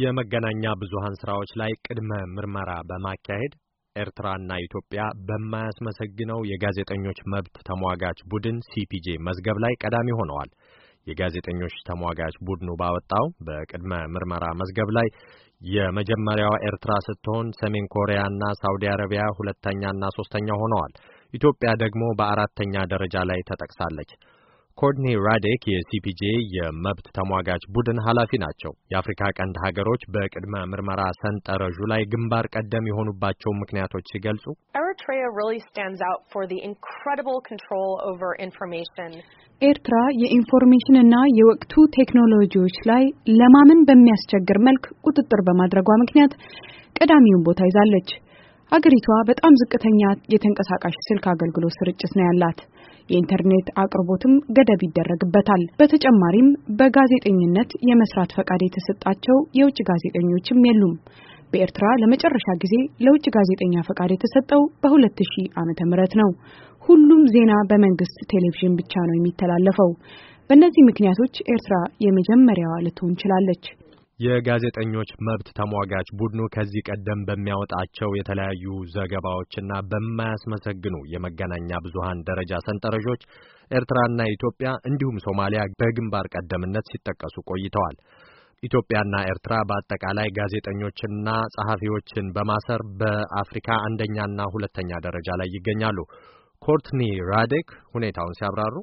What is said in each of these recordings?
የመገናኛ ብዙሃን ስራዎች ላይ ቅድመ ምርመራ በማካሄድ ኤርትራና ኢትዮጵያ በማያስመሰግነው የጋዜጠኞች መብት ተሟጋች ቡድን ሲፒጄ መዝገብ ላይ ቀዳሚ ሆነዋል። የጋዜጠኞች ተሟጋች ቡድኑ ባወጣው በቅድመ ምርመራ መዝገብ ላይ የመጀመሪያዋ ኤርትራ ስትሆን ሰሜን ኮሪያና ሳውዲ አረቢያ ሁለተኛና ሶስተኛ ሆነዋል። ኢትዮጵያ ደግሞ በአራተኛ ደረጃ ላይ ተጠቅሳለች። ኮርድኒ ራዴክ የሲፒጄ የመብት ተሟጋች ቡድን ኃላፊ ናቸው። የአፍሪካ ቀንድ ሀገሮች በቅድመ ምርመራ ሰንጠረዡ ላይ ግንባር ቀደም የሆኑባቸው ምክንያቶች ሲገልጹ ኤርትራ የኢንፎርሜሽንና የወቅቱ ቴክኖሎጂዎች ላይ ለማመን በሚያስቸግር መልክ ቁጥጥር በማድረጓ ምክንያት ቀዳሚውን ቦታ ይዛለች። አገሪቷ በጣም ዝቅተኛ የተንቀሳቃሽ ስልክ አገልግሎት ስርጭት ነው ያላት። የኢንተርኔት አቅርቦትም ገደብ ይደረግበታል። በተጨማሪም በጋዜጠኝነት የመስራት ፈቃድ የተሰጣቸው የውጭ ጋዜጠኞችም የሉም። በኤርትራ ለመጨረሻ ጊዜ ለውጭ ጋዜጠኛ ፈቃድ የተሰጠው በ2000 ዓመተ ምህረት ነው። ሁሉም ዜና በመንግስት ቴሌቪዥን ብቻ ነው የሚተላለፈው። በእነዚህ ምክንያቶች ኤርትራ የመጀመሪያዋ ልትሆን ችላለች። የጋዜጠኞች መብት ተሟጋች ቡድኑ ከዚህ ቀደም በሚያወጣቸው የተለያዩ ዘገባዎችና በማያስመሰግኑ የመገናኛ ብዙሃን ደረጃ ሰንጠረዦች ኤርትራና ኢትዮጵያ እንዲሁም ሶማሊያ በግንባር ቀደምትነት ሲጠቀሱ ቆይተዋል። ኢትዮጵያና ኤርትራ በአጠቃላይ ጋዜጠኞችና ጸሐፊዎችን በማሰር በአፍሪካ አንደኛና ሁለተኛ ደረጃ ላይ ይገኛሉ። ኮርትኒ ራዴክ ሁኔታውን ሲያብራሩ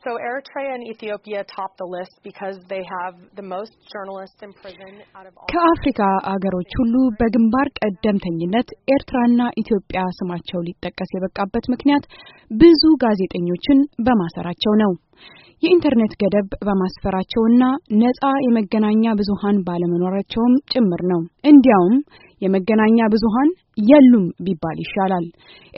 So Eritrea and Ethiopia top the list because they have the most journalists in prison out of all ከአፍሪካ አገሮች ሁሉ በግንባር ቀደምተኝነት ኤርትራና ኢትዮጵያ ስማቸው ሊጠቀስ የበቃበት ምክንያት ብዙ ጋዜጠኞችን በማሰራቸው ነው። የኢንተርኔት ገደብ በማስፈራቸውና ነፃ የመገናኛ ብዙሃን ባለመኖራቸውም ጭምር ነው። እንዲያውም የመገናኛ ብዙሃን የሉም ቢባል ይሻላል።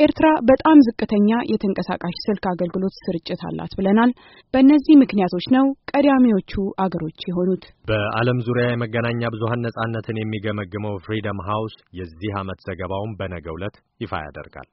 ኤርትራ በጣም ዝቅተኛ የተንቀሳቃሽ ስልክ አገልግሎት ስርጭት አላት ብለናል። በእነዚህ ምክንያቶች ነው ቀዳሚዎቹ አገሮች የሆኑት። በዓለም ዙሪያ የመገናኛ ብዙሃን ነጻነትን የሚገመግመው ፍሪደም ሃውስ የዚህ ዓመት ዘገባውን በነገው ዕለት ይፋ ያደርጋል።